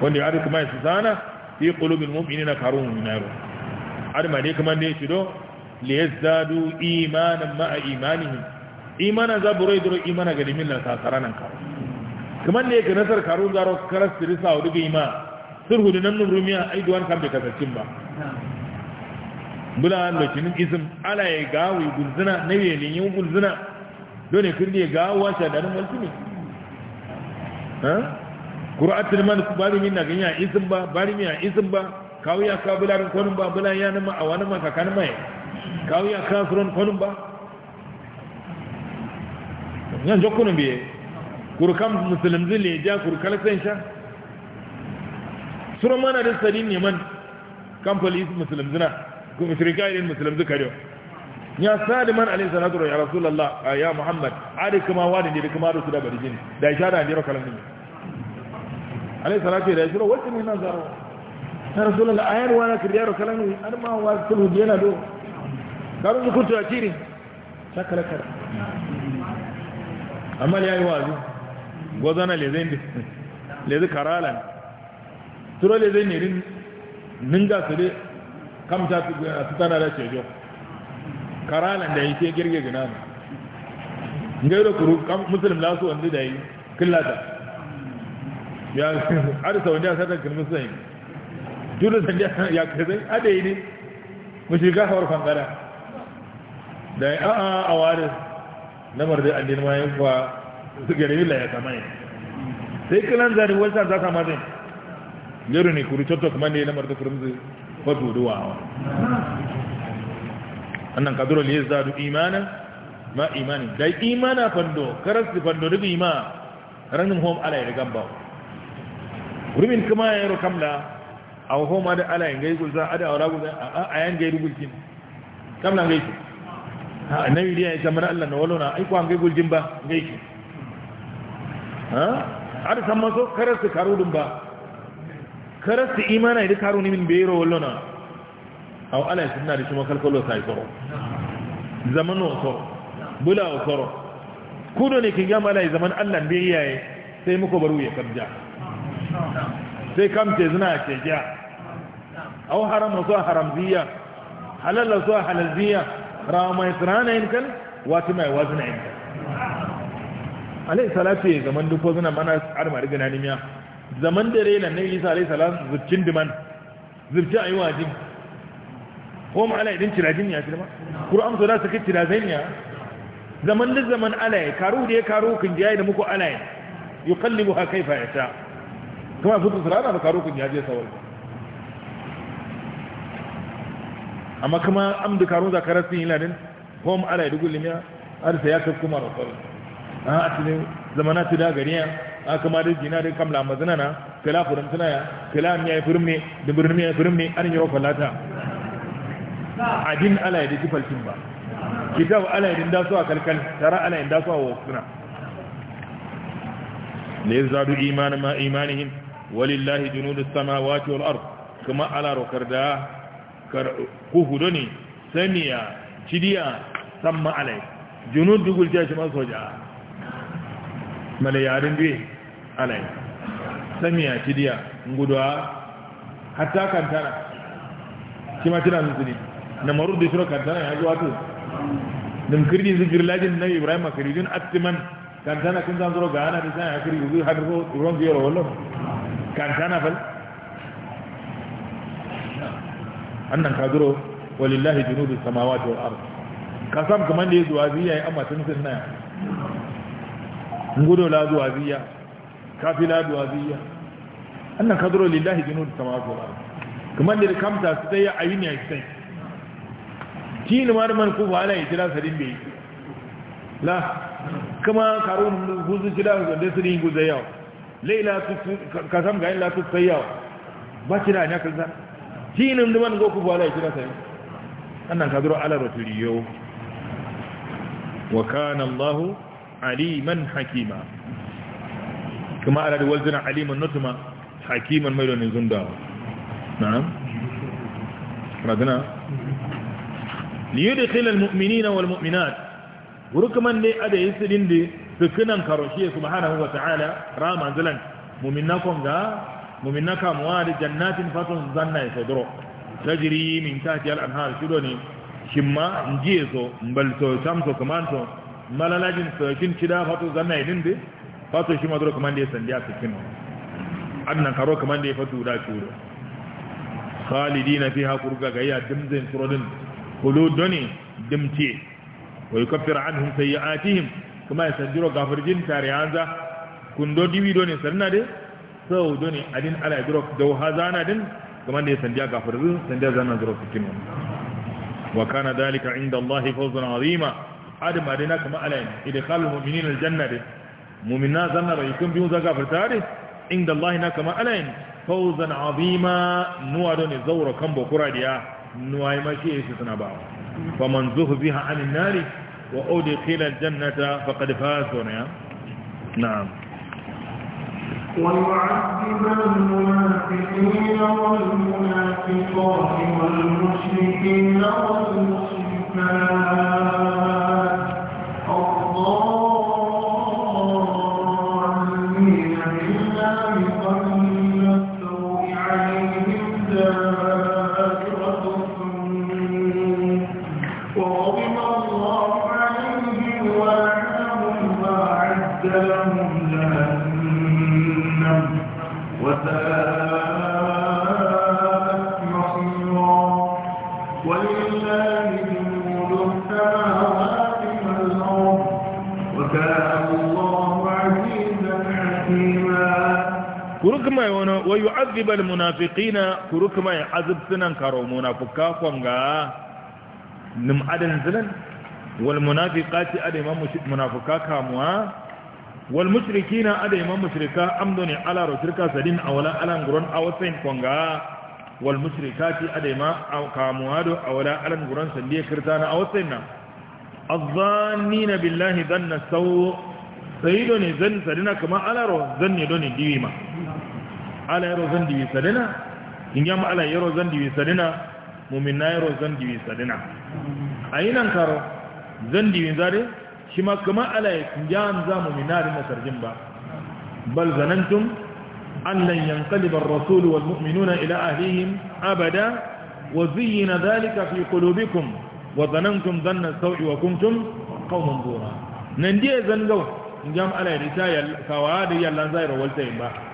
wanda ya arka mai zana fi qulubil mu'minina karu nar har ma dai kuma ne shi do yazdadu imanan ma'a imanihim imana za buru imana ga dimin nan sasaranan karu kamar da ga nasar karun zaro karas tirisa wa dubi ma sirhu da nan rumiya aiduwan kan bai kasancin ba bula lokacin isim ala ya gawo gulzina na yi linyin gulzina dole ya ne gawo wa sha nan walti ne ƙura'atul man bari min na ganya isim ba bari min a isim ba kawo ya ka bularin kwanin ba bula ya nama a wani kan mai kawo ya ka suron kwanin ba yan jokunan biye kurkan musulmi ne ja kurkan sen sha sura mana da sadin neman kamfali musulmi zina ku mushrika irin musulmi zuka da ya sadi man turai a rasulallah, a ya muhammad da kuma wani ne kuma da su da barjin da ishara ne rokalan ne na ce da ishara wacce ne nan zaro Na rasulullah ayar wala kirya rokalan ne an ma wa sulhu yana do karun ku ta cire sakalakar amma ya yi wazi gozana lezi ne turo ne nirin ninga su de kamta su tutana da cejo karala da yi ke girge gina ne da kuru musulun lasu wanda da yi killata ya arisa wanda ya sadar kirmin yi. duk da ya kazai yi ne mashirka hawar fangara da ya a'a a wari lamar da addini ma yi kuwa. gerevila ya samani sai kilan zani wasa za sama zai yaro ne kuri cotto kuma ne lamar da kurumzi wato duwa wa annan kaduro ne za du imana ma imani da imana fando karas fando da ima ranin hom ala ya gamba rumin kuma yaro kamla a hom da ala ya gai gulza ada aura gulza a ayan gai rugulkin kamla gai ki ha annabi yi ya samar Allah na walona ai ko an gai guljin ba gai ki ada samman so karar su karu dun ba karar su imana idan karu nimin bero wallona au ala shi na da shi makalkalo yi tsoro zaman wa bula wa tsoro kudo ne kin gama ala zaman allan bai yaye sai muku baru ya karja sai kamce zina ce ja au haram wasu haramziya halal wasu halalziya mai e tsirana yin e kan wata mai e wasu yin alayhi salatu ya zaman duk wasu nan mana arma da gina nimiya zaman dare nan na isa alayhi salatu zubcin diman zubcin ayi jin ko ma ala idin tirajin ya shi ma qur'an so da suka tirazin ya zaman duk zaman ala karu da ya karu kun jiya da muku ala yuqallibu ha kai yasha kuma futu sarana da karu kun jiya ya sawar amma kuma amdu karu zakarar sun yi ladin ko ma ala idin gulmiya arsa ya kakkuma rasul a atini zamana tida gariya a kama da jina da kamla na kala furin suna ya kala miya ya furum ne da birnin miya ya firin ne an yi wa falata adin ala yadda dace falcin ba kitab ala yadda da su a kalkal tara ala yadda su a wasuna ne zadu imanin ma imanihin walillahi sama samawati wal ard kuma ala rokar da kuhudo ne saniya, cidiya ala alai Junu dugul jashi masu masoja malayarin duwe alai samiya diya guduwa hatta kantana kima tana nutuni na maru da shiro kantana ya zuwa to nin kirji zikir lajin na ibrahim akirijin atiman kantana kun zan zuro ga ana da sanya akiri zuwa har ko ibrahim zai yaro wallo kantana fal annan ka zuro walillahi junudu samawati wal ard kasam kaman da zuwa aziya ya amma tun sunna ngudo la duwaziya kafila duwaziya annan kadro lillahi junud samawati wal ard kaman da kamta su sai ayini ya sai tin mar man ku wala ijira sadin bai la kama karun guzu jira da sadin guzu yau laila tu kasam ga illa tu yau ba kira ne kan zan tinin duman man go ku wala ijira sadin annan kadro ala rotiriyo wa kana allah aliman hakima kuma ana da walzina aliman nutuma hakiman mai donin zundawa na'am radina liyudkhil almu'minina walmu'minat gurkuman ne ada yisidin de sukunan karoshe subhanahu wa ta'ala rama zalan mu'minnakum ga mu'minnaka da jannatin fatun zanna yasduru tajri min tahtiha al-anhar shudoni shimma njiye so mbalto samso kamanto malalajin sokin cida fato zanna idin de fato shi maduro kamande sandiya sikin annan karo kamande fato da shuro khalidina fiha kurga gaya dimzin surodin kuludoni dimti wa yukaffir anhum sayiatihim kuma ya sandiro gafirjin tare hanza kundo diwi doni sanna de sau doni adin ala duro dau hazana din kamande sandiya gafirjin sandiya zanna duro sikin wa kana dalika inda Allah fawzan azima hadi ma dai na kuma alayin idkhalul mu'minin aljanna de mu'minna zanna bai kun biyu zaga furtare inda Allah na kuma alayin fawzan azima nuwa don zaura kan bakura diya nuwa yi mashi yayi suna ba fa man zuhu biha anin nari wa udkhila aljannata faqad faz ya na'am ويعذب المنافقين والمنافقات والمشركين والمشركين الرحمن الله wa yu'adhibu kuru kuma ya azab sunan karo munafiqa kwanga nim adan zilan wal munafiqati ce imam munafuka kamuwa wal mushrikina ada imam mushrika amduni ala rushrika sadin a awala alan a awasain kwanga wal mushrikati ada imam kamuwa do awala alan guran sandiya kirtana awasain na billahi zan na السوء sai doni ne zan sarina kama alaro zan ne doni diwi ma ala yaro zan diwi sadina ingam ala yaro zan diwi sadina mumin na yaro zan diwi sadina a yi nan karo zan diwi zare shi ma kama ala ya ingam za mumin na rin masarjin ba bal zanantum an lan yanqaliba ar-rasul wal mu'minuna ila ahlihim abada wa zayyana dhalika fi qulubikum wa zanantum dhanna as-sawi wa kuntum qauman bura nan diye zangau ingam ala ya ritaya kawa da yallan zaira walta ba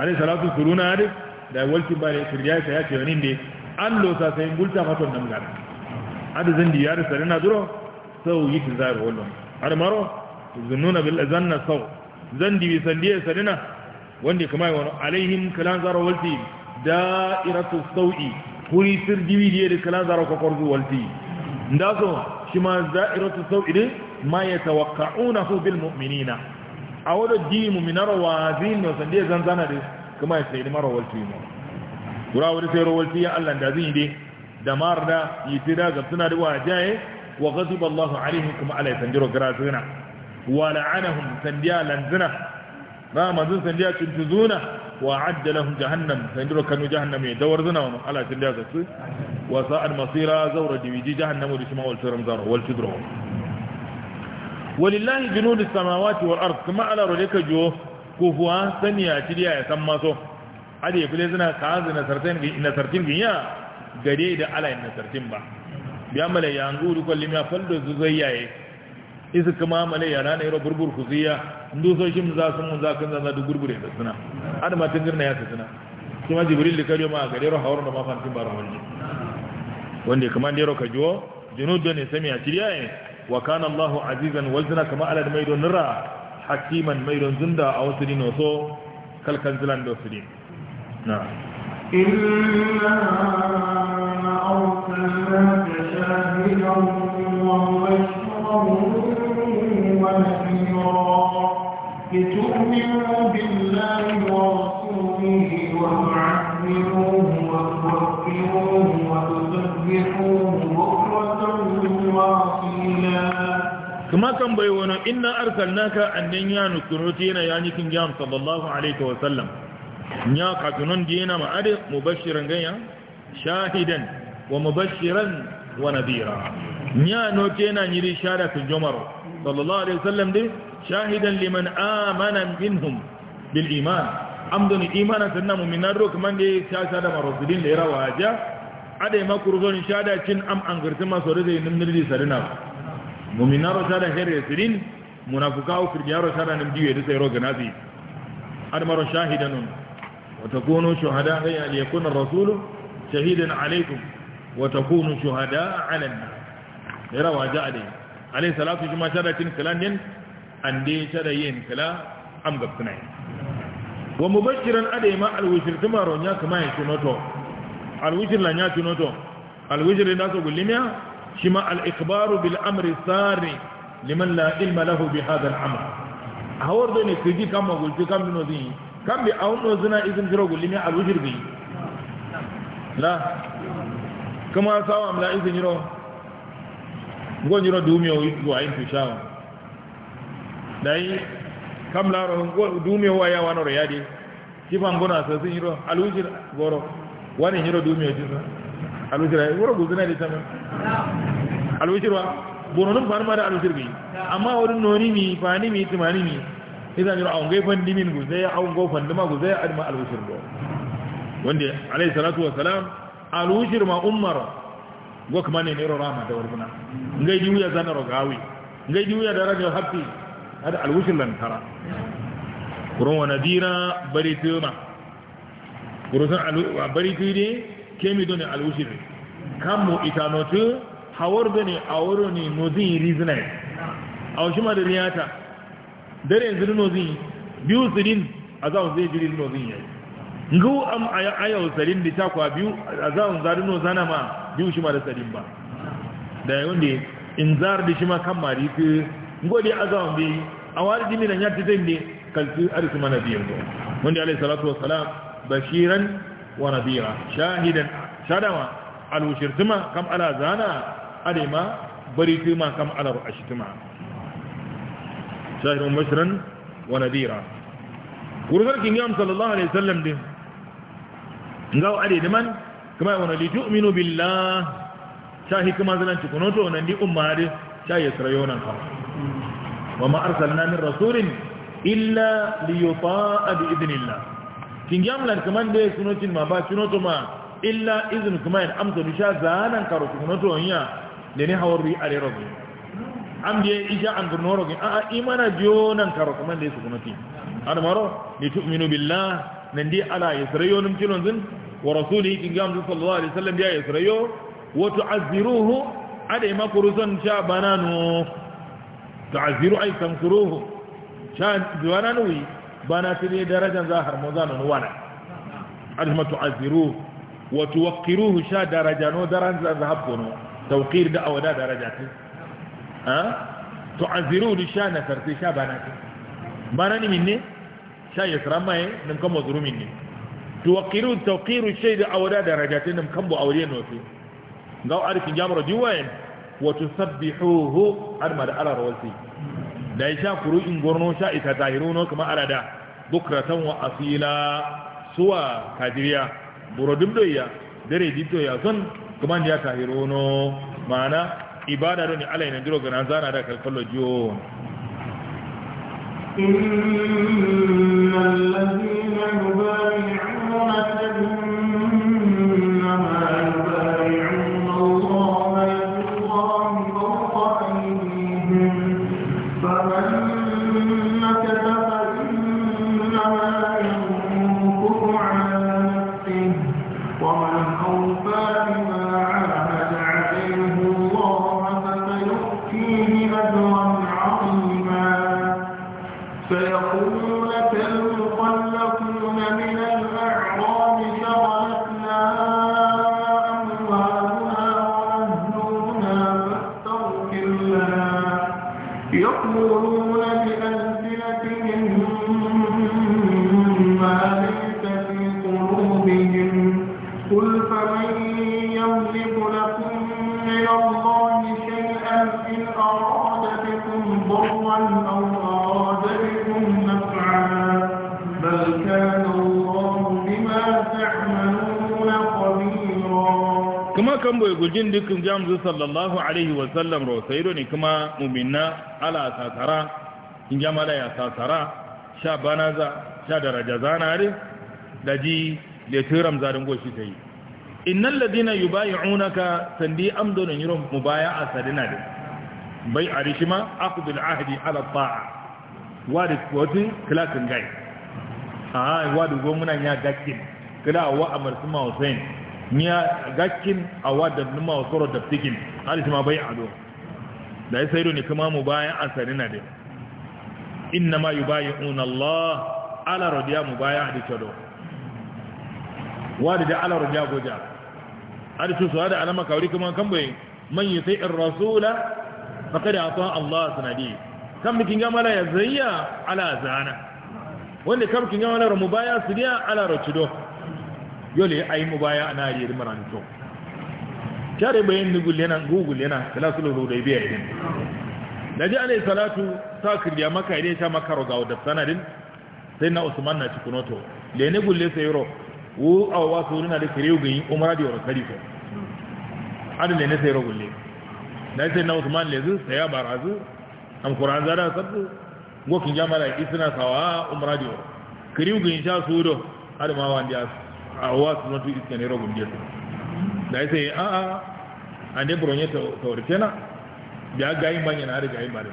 ale salatu suruna ade da walti bare kirya ka ya ce wani ne an losa sai gulta faton nan gara ada zan diya da sarina duro sau yi kin zaro wallo har maro zununa bil azanna sau zan dibi sandiye sarina wanda kuma wani alaihim kalan zaro walti da'iratu sau'i kuri sir diwi da kalan zaro kokorzu walti ndaso shi ma da'iratu sau'i din ma yatawaqqa'unahu bil mu'minina awolo dimu minaro wazin no sande zanzana de kuma ya sai maro walti mo dura wuri sai ro walti ya Allah da zin de da marda yitira ga tuna da wajaye wa ghadiba Allahu alaihim kuma alai sanjiro grazina wa la'anahum sandiya lanzina ma manzun sandiya tuntuzuna wa adda lahum jahannam sanjiro kanu jahannam ya dawar zina wa ala sandiya ga su wa sa'al masira zawra diwiji jahannam da shi ma walti ramzar walti dro walillahi junudu samawati wal ard kuma ala rodeka jo kufuwa saniya tiriya ya san maso ade fule suna kazi na sartin na sartin ginya gade da ala na sartin ba biya mala ya anguru kollim ya faldo zuzayyaye isu kuma mala ya rana iro burbur kuziya ndu so shim za sun za kan za da burbure da suna adama na ya suna kuma jibril da kariyo ma gade ro hawar da mafantin bara wanda kuma da ro kajo junudu ne samiya tiriya وكان الله عزيزا وزنا كما على ميدون نرى حكيما ميدون زندا أو سدين وصو كالكنزلان دو سدين نعم إنا أرسلناك شاهدا ومبشرا ونذيرا لتؤمنوا بالله ورسوله وتعزروه وتوكروه وتسبحوه kuma kan bai wani inna arsalnaka annan ya nukuruti yana ya nikin jam sallallahu alaihi wa sallam ya katunan dina ma'adi mubashiran ganya shahidan wa mubashiran wa nadira ya noke na yiri shada fil jumar sallallahu alaihi wa sallam dai shahidan liman amana minhum bil iman amdun imana sanna mu'minan ro kaman dai shada da marusudin da ya rawa rawaja adai makurzon shada cin am an girtima sore da nimnirdi sarina muminaro sada heri esirin munafukao kirjaro sada namdiwe disa iroga nazi admaro shahidanun watakunu shuhada haya aliyakuna rasulu shahidan alaikum watakunu shuhada ala nas era waja ade alayhi salatu juma sada tin kalan yin ande sada yin kala am gabtuna wa mubashiran ade ma alwishir tumaro nya kuma yin tunoto alwishir la nya tunoto alwishir da so gulimiya shi ma al-ikbaru bil amri sari liman la ilma lahu bi hadha hawar da ne kiji kan magulci kan bino zin kan bi auno zina izin jiro gulimi al-wujir bi la kama sawa amla izin jiro ngon jiro dumiyo go ayin tushawa dai kam laro dumiyo waya wanoro yadi kifan gona sasin jiro al-wujir goro wani jiro dumiyo alwishirwa bononin fani ma da alwishir gai amma wurin noni mi fani mi tumani mi idan jira awon min guze ya awon ma dima guzaya adma alwishir do wanda alayhi salatu salam alwishir ma Umar go kuma ne nero rama da warbuna ngai di wuya zana rogawi ngai di wuya da rajo hafi ada alwishir lan tara kurun wa nadira bari tuma kurun alwishir bari tudi kemi don alwishir kamu itanotu ne a wurone nozin rizinai a wasu riyata dare yanzu nozin biyu tsirin a zaun zai jirin nozin yayi ngu am ayau tsirin da kwa biyu a zaun no nozana ma biyu shi ma da tsirin ba da yawon da in zar da shi ma kan mari su ngode a zaun bai a wani jimi na yadda zai ne kalfi arsu mana biyan ba wanda alai salatu wa salam bashiran wa nadira shahidan shadama alwushirtuma kam ala zana علم بريتما كم على رأشتما شاهد مبشرا ونذيرا ورسالك يوم صلى الله عليه وسلم دي نغاو علي دمان كما يقولون لتؤمنوا بالله شاهد كما زلان تكونوتو ونندي أمه شاهد سريونا وما أرسلنا من رسول إلا ليطاء بإذن الله كنجام لان كمان دي سنوتين ما با سنوتو ما إلا إذن كمان أمسو نشا زانا كارو سنوتو deni hawri are rogi ambiye ija an gurno rogi a imana jonan karo kuma da su kuma ti almaro li tu'minu billah nan di ala yasrayo num tilon zin wa rasulihi kingam sallallahu alaihi wasallam ya yasrayo wa tu'azziruhu ade makurusan cha bananu tu'azziru ay tansuruhu cha bananu wi banati ne darajan zahar muzanun wana alma tu'azziruhu wa tuwaqqiruhu sha darajano daran zahabunu tawqir da awada daraja ta ha tu'aziru li shana tarti shabana ta barani minne shay yasramai nan kan mazrumi minne tuwqiru tawqiru shay da awada daraja ta nan kan bu awriye no fi ga arifin jamra diwan wa tusabbihuhu arma da ala rawsi da isha kuru in gorno sha ita tahiruno kuma arada bukratan wa asila suwa kadiriya burodum doya dare dito ya zan kuma ya tahiru no mana ibada do ni ala ina diro gana zana da kalfalo jo إن الذين يبايعونك kan bai gujin dukkan jamzu sallallahu alaihi wa wasallam rosaido ne kuma Mumina, ala sasara in jamala ya sasara sha banaza sha daraja zanare da ji da turam zarin goshi ta yi innan ladina yi bayi unaka sandi amdonin yiron mu mubaya a sadina da bai a rishima aku bil ahadi ala ta'a wadi wata kilakin gai a wadi gwamnan ya dakin kila wa amar suma hussein nya gakin awa da numa wa tsoro da tikin alis bai ado da ya sayo ne kuma mu bayan asari na dai inna ma yi bayan una Allah ala rodiya mu bayan adi cado wadda da ala rodiya goja adi su suwa da alama kawari kuma kan bai man yi sai in rasula faƙa a atuwa Allah sanadi kan bikin gamala ya zayya ala zana wanda kan bikin gamala mu bayan su diya ala rocido yole ay mubaya ana yir maran to tare bayin ni gullena gugullena salatul hudaybiya din. daji ana salatu sakir ya maka idai ta maka roga da sanadin sai na usman na cikunoto le ne gulle sai ro wu awwa na da kiriu gi umra di wala kalifa adu le ne sai ro gulle da sai na usman le zu sai ya barazu am qur'an zara sabbu gokin jama'a isna sawa umra di wala kiriu gi sha do adu ma wandi asu a wasu na tu iska ne rogun jesu da ya sai a a a ne buronye tauritena ya gayi manya na riga yi mare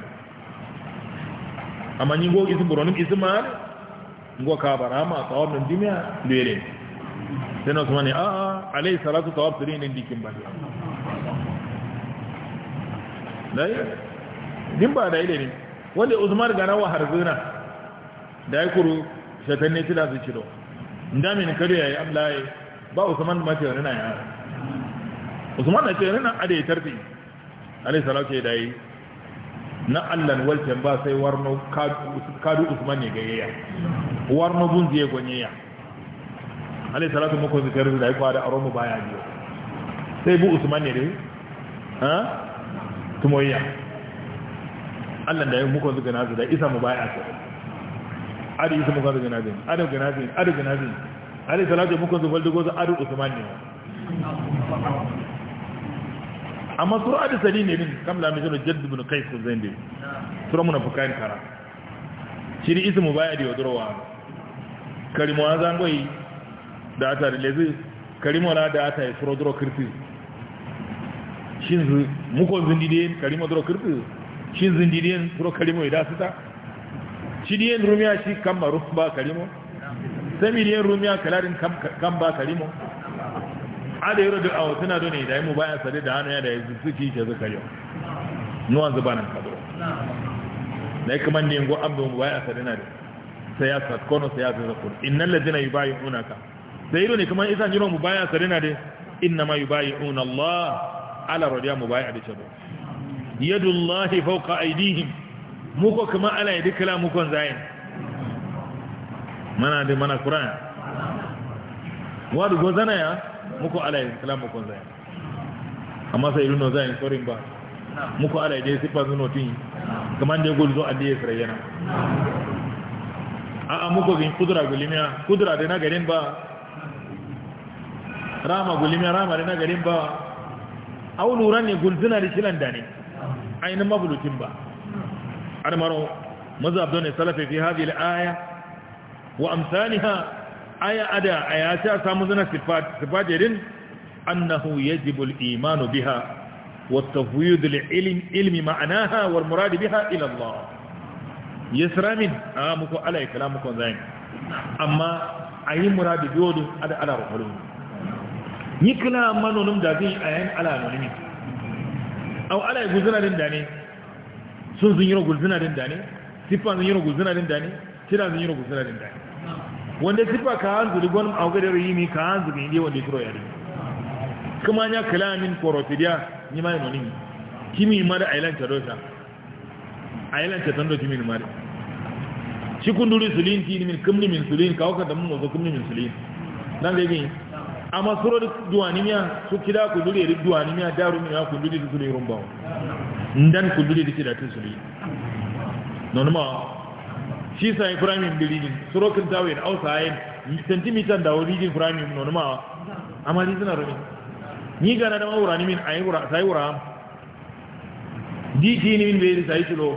amma yin go isi buronin isi mare ngo ka barama tawar nan dimiya lere sai na a a alai salatu tawar tiri ne dikin bari dai din ba da ile ne wanda usman gana wa harzuna da ya kuru shatanne ne tida ciro ndami ni kariya ya amlaye ba usman ma ce rina ya usman na ce rina ade tarbi alai salatu da yi na allan walcan ba sai warno kadu usman ne gayya warno bun je ya? alai salatu muku zikirin da ya kwada a romu baya biyu. sai bu usman ne dai ha tumoyya allan da ya muku zikirin da isa mu baya sai adu yi kuma kwazo ganazin adu ganazin adu ganazin adu salatu mukun zufal da gozo adu usman ne amma sura adu sali ne min kamla mai shirin jaddu bin kai kun zai sura muna fukayin kara shiri isi mu baya da yaudarwa karimu na zangoyi da ata da lezi karimu na da ata ya sura duro kirfi shin mukon zindidiyen karimu duro kirfi shin zindidiyen sura karimu ya da su cidiyen rumiya shi kan maru ba karimo samidiyen rumiya kalarin kan ba karimo a da yaro da awa suna dole da yi mu bayan sade da hannu ya da yanzu suke ke zuka yau nuwan zuba nan kadro na yi kamar nengo an bai mu bayan sade na da sai ya sakono sai ya zai zakon innan lajina yi bayan unaka sai yaro ne kamar isa jiro mu bayan sade na da inna ma yi bayan unallah ala rodiya mu bayan a da cewa yadullahi fauka aidihim muko kuma ala ya dukkan mukon zayin mana da mana qur'an wadu gozana ya muko ala ya dukkan mukon zayin amma sai irin zayin sorin ba muko ala ya sifa zuno tin kaman da gulzo addi israyana a a muko bin kudura gulimiya kudura da na garin ba rama gulimiya rama da na garin ba au lura ne gulzuna da shilan da ne ainihin mabulutin ba أرمروا مذهب دون السلف في هذه الآية وأمثالها آية أداء آيات سامزنا صفات صفات يرين أنه يجب الإيمان بها والتفويض لعلم علم معناها والمراد بها إلى الله يسرى من آمكو على كلامكو زين أما أي مراد بيوضو هذا على رحلون يكلا منو نمدازي أين على نوني أو على يقولون لنداني sun sun yi rogul suna din dane siffa sun yi rogul suna din dane kira sun yi rogul suna din dane wanda siffa ka hanzu da gwanin augadar yi ne ka hanzu ga inda wanda turo yare kuma ya kala min ni ma yi nonin kimi ma da ailan ta dosa ailan ta tando kimi ma da shi kun duri sulin ti min kumni min sulin kawo da mun mazo kumni min sulin dan zai gani amma suro duwanimiya su kida ku duri duwanimiya daru min ya ku duri su sulin rumbawa ndan kullure da tiratun su ne non ma shi sai framing building sorokin tawe da outside centimeter da din framing non ma amali suna rami ni gana da mawura ni min ayi wura sai wura diki ni min bai sai tulo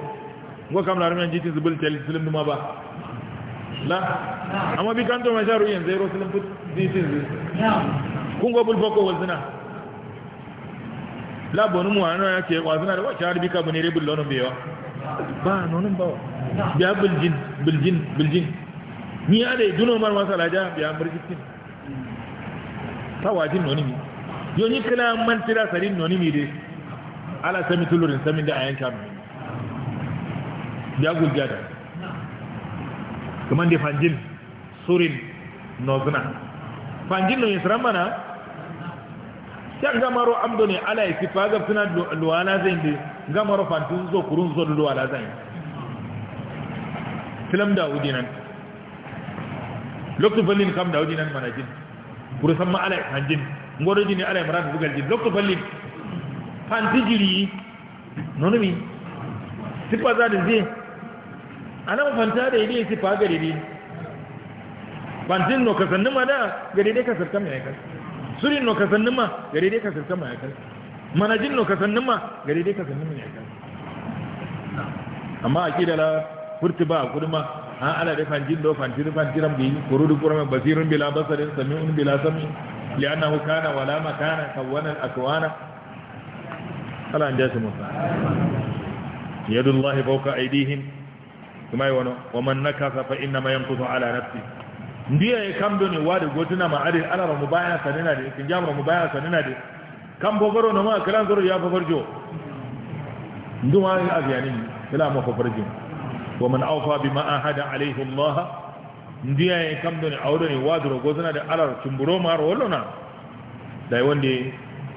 go kam la rami jiti zubul tel sulum ma ba la amma bi kanto ma jaru yan zero sulum put diti kun go bul boko wazna labonu mu ano ya wa zuna da wa shar bika bune rebul lono ba nonun ba biya biljin biljin biljin ni ade duno mar masala biya murjitin tawajin noni mi yo ni kala man tira de ala sami tulurin sami da ayan kam biya gulgada kaman de fanjin surin nozna fanjin no yisran mana ta gamaro amdo ne ala yi sifa ga fina luwana zai ne gamaro fantin zo kurun zo luwana zai filam daudi nan lokacin fallin kam daudi nan mana jin kuru san ma ala yi jin ngoro jini ala yi mara da bugal jin lokacin fallin fanti jiri nono mi sifa za da zai ana mafanta da yi sifa ga dai fantin no kasannin ma da ga dai kasar kam ya kasar surin no kasannin ma gare dai ya mayakan manajin no kasannin ma gare dai kasannin mayakan amma a kida la furti ba a kuduma an ala da fanjin do fanjin fanjiran bi kuru kurama basirun bila basarin sami'un bila sami li'annahu kana wala makana kawwana al-akwana ala an jasi musa yadullahi fawqa aydihim kuma yi wani wa man nakasa fa inna ma yanqutu ala nafsihi ndiye e kamdo ni wade godina ma ari ala ra baya sanina de kinjam mu baya sanina de kam bogoro no ma kalan zoro ya fofarjo nduma aziyani ila ma fofarjo wa man awfa bima ahada alayhi allah ndiye e kamdo ni awdo ne wade ro godina de ala ra tumburo ma ro wallona dai wande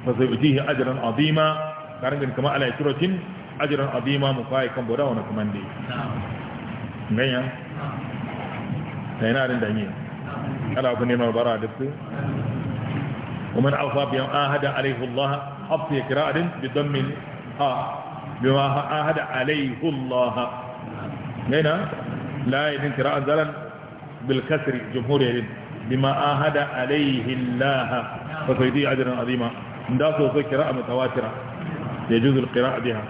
fasabitihi ajran azima karangin kama ala yaturotin ajran azima mu fai kan boda wannan kuma ne na'am ganyan sai na rin da ni ألا أبني ما برا ومن أوفى بما آهد عليه الله حفظ قراءة بضم ها بما آهد عليه الله هنا لا يدين قراءة زلا بالكسر جمهور يدين بما آهد عليه الله فسيدي أجرا عظيما نداس وصي قراءة متواترة يجوز القراءة بها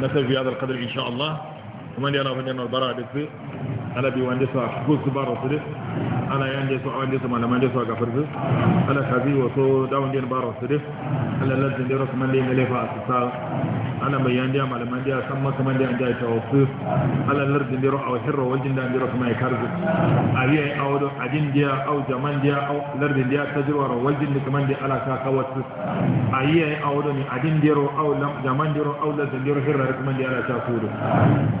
نسأل في هذا القدر إن شاء الله ومن يرى من يرى البراء بالصير على بيوان جسر حكوز كبار وصدق ala yan je su awan je su malaman je su a gafar su ala kazi wa so dawon je baro su de. ala lantin je rasu mande mai laifa a su sa ala mai yan je malaman je san maka mande an je ta wasu ala lardin je rasu a hirra wajen da an je rasu mai karzu a biya a wadon ajin je au jaman je au lardin je ta jirwa wajen da kaman je ala ka kawasu a yi a wadon ajin je au jaman je au lardin je hirra kaman je ala ta kudu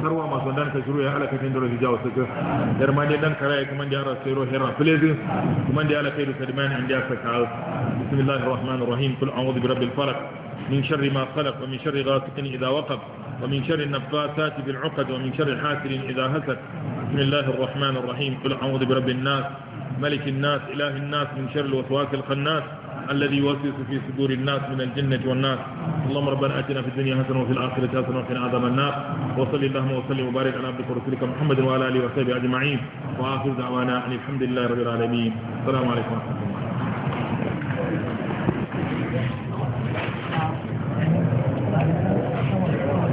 sarwa so dan ka shiru ya ala kafin da rasu jawo su ka dan kara ya kaman je ro hirra بسم الله الرحمن الرحيم قل أعوذ برب الفلق من شر ما خلق ومن شر غاسق إذا وقف ومن شر النفاسات في العقد ومن شر حاسر إذا هسك بسم الله الرحمن الرحيم كل أعوذ برب الناس ملك الناس إله الناس من شر الوسواس الخناس الذي يوسوس في صدور الناس من الجنة والناس اللهم ربنا آتنا في الدنيا حسنة وفي الآخرة حسنة وقنا عذاب النار وصل اللهم وسلم وبارك على عبدك ورسولك محمد وعلى آله وصحبه أجمعين وآخر دعوانا أن الحمد لله رب العالمين السلام عليكم ورحمة الله